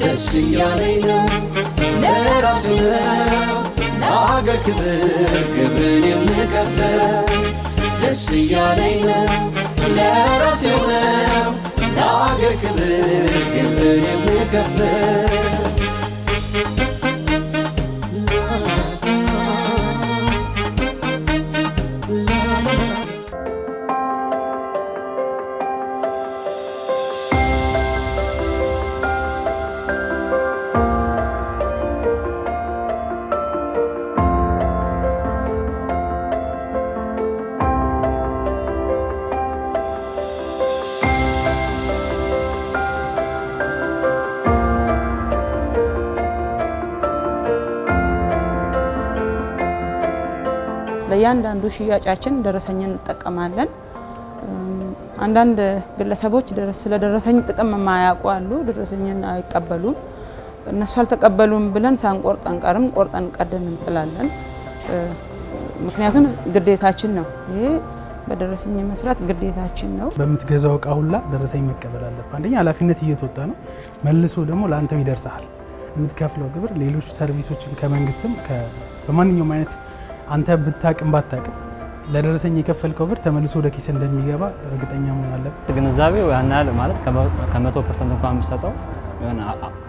ደስ እያለኝ ነው ለራስ ነው ለአገር ክብር ክብርን የምከፍለው ደስ እያለኝ ነው ለራስ ለአገር ክብር ክብርን የምከፍለው ለእያንዳንዱ ሽያጫችን ደረሰኝን እንጠቀማለን። አንዳንድ ግለሰቦች ስለ ደረሰኝ ጥቅም ማያውቁ አሉ። ደረሰኝን አይቀበሉም። እነሱ አልተቀበሉም ብለን ሳንቆርጥ አንቀርም፣ ቆርጠን ቀደን እንጥላለን። ምክንያቱም ግዴታችን ነው። ይሄ በደረሰኝ መስራት ግዴታችን ነው። በምትገዛው እቃ ሁላ ደረሰኝ መቀበል አለብህ። አንደኛ ኃላፊነት እየተወጣ ነው፣ መልሶ ደግሞ ለአንተው ይደርሰሃል። የምትከፍለው ግብር ሌሎች ሰርቪሶችን ከመንግስትም በማንኛውም አይነት አንተ ብታቅም ባታቅም ለደረሰኝ የከፈልከው ብር ተመልሶ ወደ ኪስ እንደሚገባ እርግጠኛ መሆን አለብህ። ግንዛቤው ያን ያህል ማለት ከመቶ ፐርሰንት እንኳን የሚሰጠው የሆነ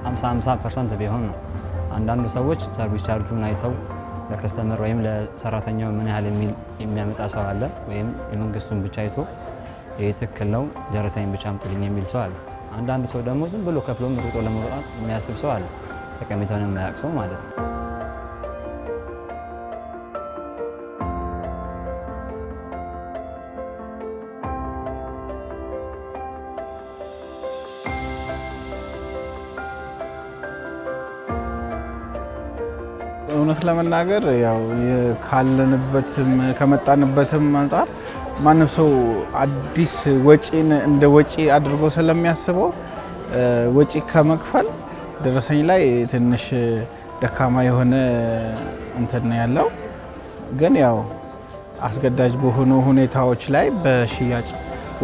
ሃምሳ ሃምሳ ፐርሰንት ቢሆን ነው። አንዳንዱ ሰዎች ሰርቪስ ቻርጁን አይተው ለከስተመር ወይም ለሰራተኛው ምን ያህል የሚያመጣ ሰው አለ፣ ወይም የመንግስቱን ብቻ አይቶ ይህ ትክክል ነው ደረሰኝ ብቻ አምጡልኝ የሚል ሰው አለ። አንዳንድ ሰው ደግሞ ዝም ብሎ ከፍሎ ምርጦ ለመውጣት የሚያስብ ሰው አለ። ጠቀሜታውን የማያውቅ ሰው ማለት ነው። እውነት ለመናገር ያው ካለንበትም ከመጣንበትም አንጻር ማንም ሰው አዲስ ወጪን እንደ ወጪ አድርጎ ስለሚያስበው ወጪ ከመክፈል ደረሰኝ ላይ ትንሽ ደካማ የሆነ እንትን ነው ያለው። ግን ያው አስገዳጅ በሆኑ ሁኔታዎች ላይ በሽያጭ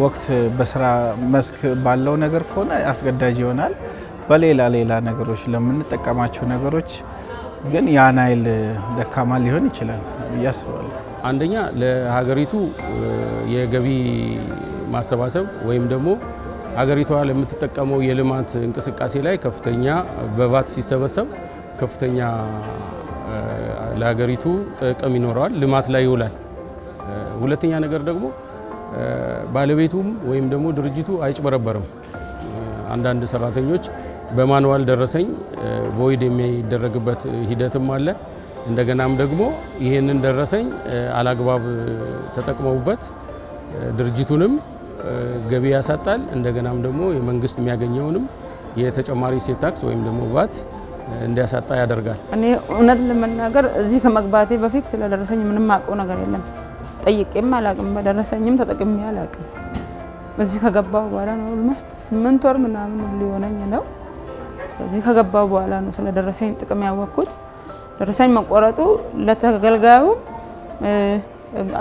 ወቅት በስራ መስክ ባለው ነገር ከሆነ አስገዳጅ ይሆናል። በሌላ ሌላ ነገሮች ለምንጠቀማቸው ነገሮች ግን ያን ደካማ ሊሆን ይችላል ብዬ አስባለሁ። አንደኛ ለሀገሪቱ የገቢ ማሰባሰብ ወይም ደግሞ ሀገሪቷ ለምትጠቀመው የልማት እንቅስቃሴ ላይ ከፍተኛ በባት ሲሰበሰብ ከፍተኛ ለሀገሪቱ ጥቅም ይኖረዋል፣ ልማት ላይ ይውላል። ሁለተኛ ነገር ደግሞ ባለቤቱም ወይም ደግሞ ድርጅቱ አይጭበረበርም። አንዳንድ ሰራተኞች በማንዋል ደረሰኝ ቮይድ የሚደረግበት ሂደትም አለ። እንደገናም ደግሞ ይህንን ደረሰኝ አላግባብ ተጠቅመውበት ድርጅቱንም ገቢ ያሳጣል። እንደገናም ደግሞ የመንግስት የሚያገኘውንም የተጨማሪ እሴት ታክስ ወይም ደግሞ ቫት እንዲያሳጣ ያደርጋል። እኔ እውነት ለመናገር እዚህ ከመግባቴ በፊት ስለደረሰኝ ምንም አውቀው ነገር የለም። ጠይቄም አላቅም፣ በደረሰኝም ተጠቅሜ አላቅም። እዚህ ከገባሁ በኋላ ነው ኦልሞስት ስምንት ወር ምናምን ሊሆነኝ ነው። እዚህ ከገባው በኋላ ነው ስለ ደረሰኝ ጥቅም ያወቅኩት። ደረሰኝ መቆረጡ ለተገልጋዩ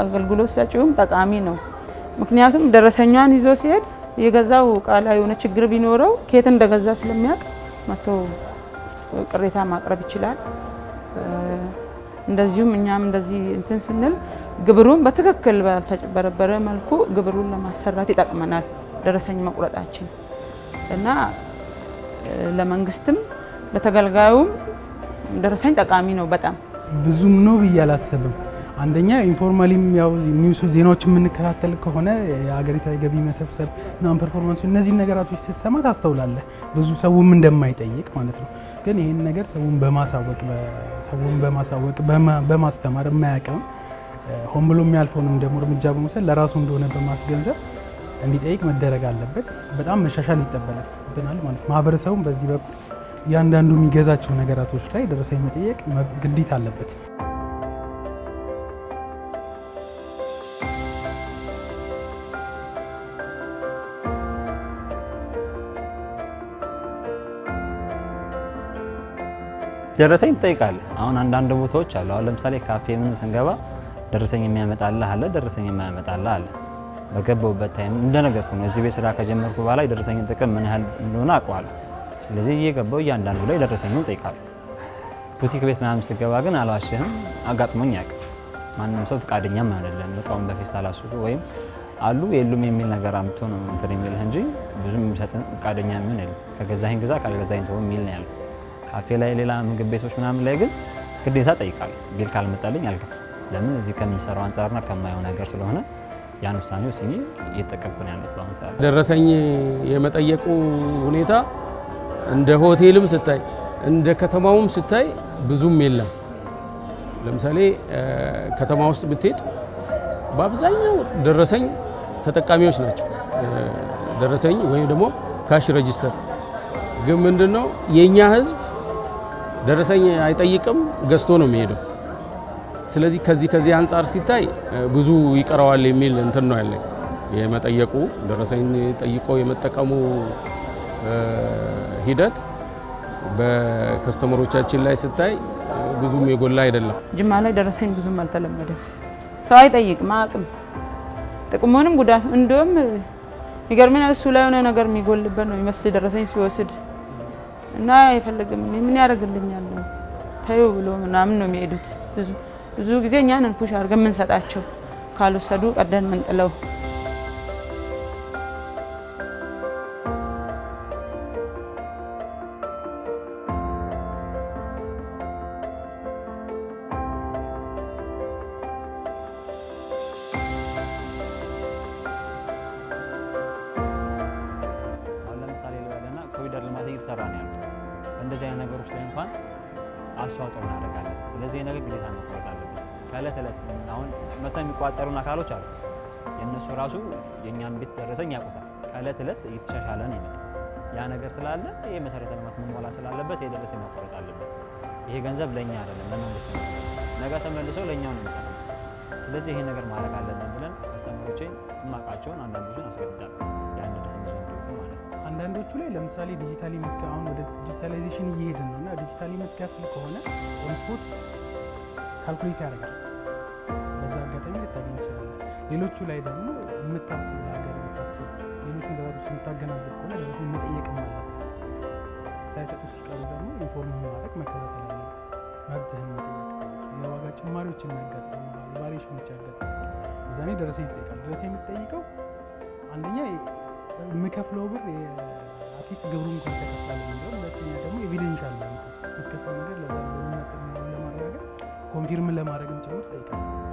አገልግሎት ሰጪውም ጠቃሚ ነው። ምክንያቱም ደረሰኛን ይዞ ሲሄድ የገዛው እቃ ላይ የሆነ ችግር ቢኖረው ከየት እንደገዛ ስለሚያውቅ መቶ ቅሬታ ማቅረብ ይችላል። እንደዚሁም እኛም እንደዚህ እንትን ስንል ግብሩን በትክክል ባልተጨበረበረ መልኩ ግብሩን ለማሰራት ይጠቅመናል ደረሰኝ መቁረጣችን እና ለመንግስትም ለተገልጋዩም ደረሰኝ ጠቃሚ ነው። በጣም ብዙም ነው ብዬ አላስብም። አንደኛ ኢንፎርማሊም ያው ኒውስ ዜናዎች የምንከታተል ከሆነ የሀገሪቷ የገቢ መሰብሰብ ናን ፐርፎርማንስ እነዚህን ነገራቶች ስትሰማ ታስተውላለህ። ብዙ ሰውም እንደማይጠይቅ ማለት ነው። ግን ይህን ነገር ሰውም በማሳወቅ ሰውን በማሳወቅ በማስተማር የማያቀም ሆን ብሎ የሚያልፈውንም ደግሞ እርምጃ በመውሰድ ለራሱ እንደሆነ በማስገንዘብ እንዲጠይቅ መደረግ አለበት። በጣም መሻሻል ይጠበላል። ይኖርብናል ማለት ማህበረሰቡም በዚህ በኩል እያንዳንዱ የሚገዛቸው ነገራቶች ላይ ደረሰኝ መጠየቅ ግዴታ አለበት። ደረሰኝ ትጠይቃለህ። አሁን አንዳንድ ቦታዎች አሉ። አሁን ለምሳሌ ካፌ ምን ስንገባ ደረሰኝ የሚያመጣልህ አለ፣ ደረሰኝ የማያመጣልህ አለ። በገባሁበት ታይም እንደነገርኩ ነው። እዚህ ቤት ስራ ከጀመርኩ በኋላ የደረሰኝን ጥቅም ምን ያህል እንደሆነ አውቀዋለሁ። ስለዚህ እየገባሁ እያንዳንዱ ላይ የደረሰኝን እጠይቃለሁ። ቡቲክ ቤት ምናምን ስገባ ግን አልዋሽህም፣ አጋጥሞኝ አያውቅም። ማንም ሰው ፈቃደኛም አይደለም እቃውን በፌስታል አስሩ ወይም አሉ የሉም የሚል ነገር አምቶ ነው እንትን የሚልህ እንጂ ብዙም የሚሰጥን ፍቃደኛ የሚሆን የለም። ከገዛኸኝ ግዛ ካልገዛኝ ተው የሚል ነው ያለው። ካፌ ላይ፣ ሌላ ምግብ ቤቶች ምናምን ላይ ግን ግዴታ እጠይቃለሁ። ቢል ካልመጣልኝ አልገባም። ለምን እዚህ ከምሰራው አንጻርና ከማየው ነገር ስለሆነ ያን ውሳኔ ወስኜ እየተጠቀምኩ ያለት በአሁን ሰዓት ደረሰኝ የመጠየቁ ሁኔታ እንደ ሆቴልም ስታይ እንደ ከተማውም ስታይ ብዙም የለም። ለምሳሌ ከተማ ውስጥ ብትሄድ በአብዛኛው ደረሰኝ ተጠቃሚዎች ናቸው። ደረሰኝ ወይም ደግሞ ካሽ ረጂስተር ግን ምንድን ነው የእኛ ህዝብ ደረሰኝ አይጠይቅም፣ ገዝቶ ነው የሚሄደው። ስለዚህ ከዚህ ከዚህ አንጻር ሲታይ ብዙ ይቀረዋል የሚል እንትን ነው ያለኝ። የመጠየቁ ደረሰኝ ጠይቆ የመጠቀሙ ሂደት በከስተመሮቻችን ላይ ስታይ ብዙም የጎላ አይደለም። ጅማ ላይ ደረሰኝ ብዙም አልተለመደም። ሰው አይጠይቅም፣ አቅም ጥቅሙንም ጉዳት እንዲሁም ይገርምና እሱ ላይ የሆነ ነገር የሚጎልበት ነው የሚመስል ደረሰኝ ሲወስድ እና አይፈልግም ምን ያደርግልኛል ተዩ ብሎ ምናምን ነው የሚሄዱት ብዙ ብዙ ጊዜ እኛን እንኩሽ አድርገን የምንሰጣቸው ካልወሰዱ ቀደን ምንጥለው ለምሳሌ ልበልና ኮሪደር ልማት እየተሰራ ነው ያለው። በእንደዚህ አይነት ነገሮች ላይ እንኳን አስተዋጽኦ እናደርጋለን። ስለዚህ ነገር ግዴታ መቆረጥ አለበት። ከእለት ዕለት አሁን የሚቋጠሩን አካሎች አሉ። የእነሱ ራሱ የእኛን ቤት ደረሰኝ ያውቁታል። ከእለት ዕለት እየተሻሻለ ነው ይመጣ ያ ነገር ስላለ ይህ መሰረተ ልማት መሞላ ስላለበት የደረሰኝ መቆረጥ አለበት። ይሄ ገንዘብ ለእኛ አይደለም ለመንግስት ነው፣ ነገ ተመልሶ ለእኛው ነው። ስለዚህ ይሄ ነገር ማድረግ አለብን ብለን ከስተመሮቼን እማቃቸውን አንዳንዶቹን አስገድዳለሁ። አንዳንዶቹ ላይ ለምሳሌ ዲጂታሊ መትከፍ አሁን ወደ ዲጂታላይዜሽን እየሄድን ነው እና ዲጂታሊ መትከፍ ከሆነ ኦንስፖት ካልኩሌት ያደርጋል። በዛ አጋጣሚ ልታገኝ ይችላል። ሌሎቹ ላይ ደግሞ የምታስብ ለሀገር የምታስብ ሌሎች ነገራቶች የምታገናዘብ ከሆነ ለዚ መጠየቅ ማለት ሳይሰጡ ሲቀሩ ደግሞ ኢንፎርም ማድረግ መከታተል አለ መብትህን መጠየቅ የዋጋ ጭማሪዎች የሚያጋጥማል፣ ቫሪሽኖች ያጋጥማል። እዛኔ ደረሰ ይጠይቃል። ደረሰ የሚጠይቀው አንደኛ የምከፍለው ብር አርቲስት ግብሩ እንኳን ተከፍላለ ነው። ሁለተኛ ደግሞ ኤቪደንሻል ነው የምትከፍለው ነገር ለማረጋገጥ ኮንፊርም ለማድረግም ጭምር ጠይቃል።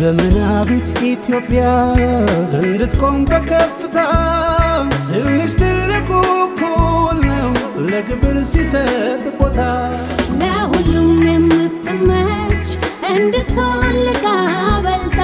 ዘመናዊት ኢትዮጵያ እንድትቆም በከፍታ ትንሽ ትልቁ እኩል ነው ለግብር ሲሰጥ ቦታ ለሁሉም የምትመች እንድትሆን ልቃበል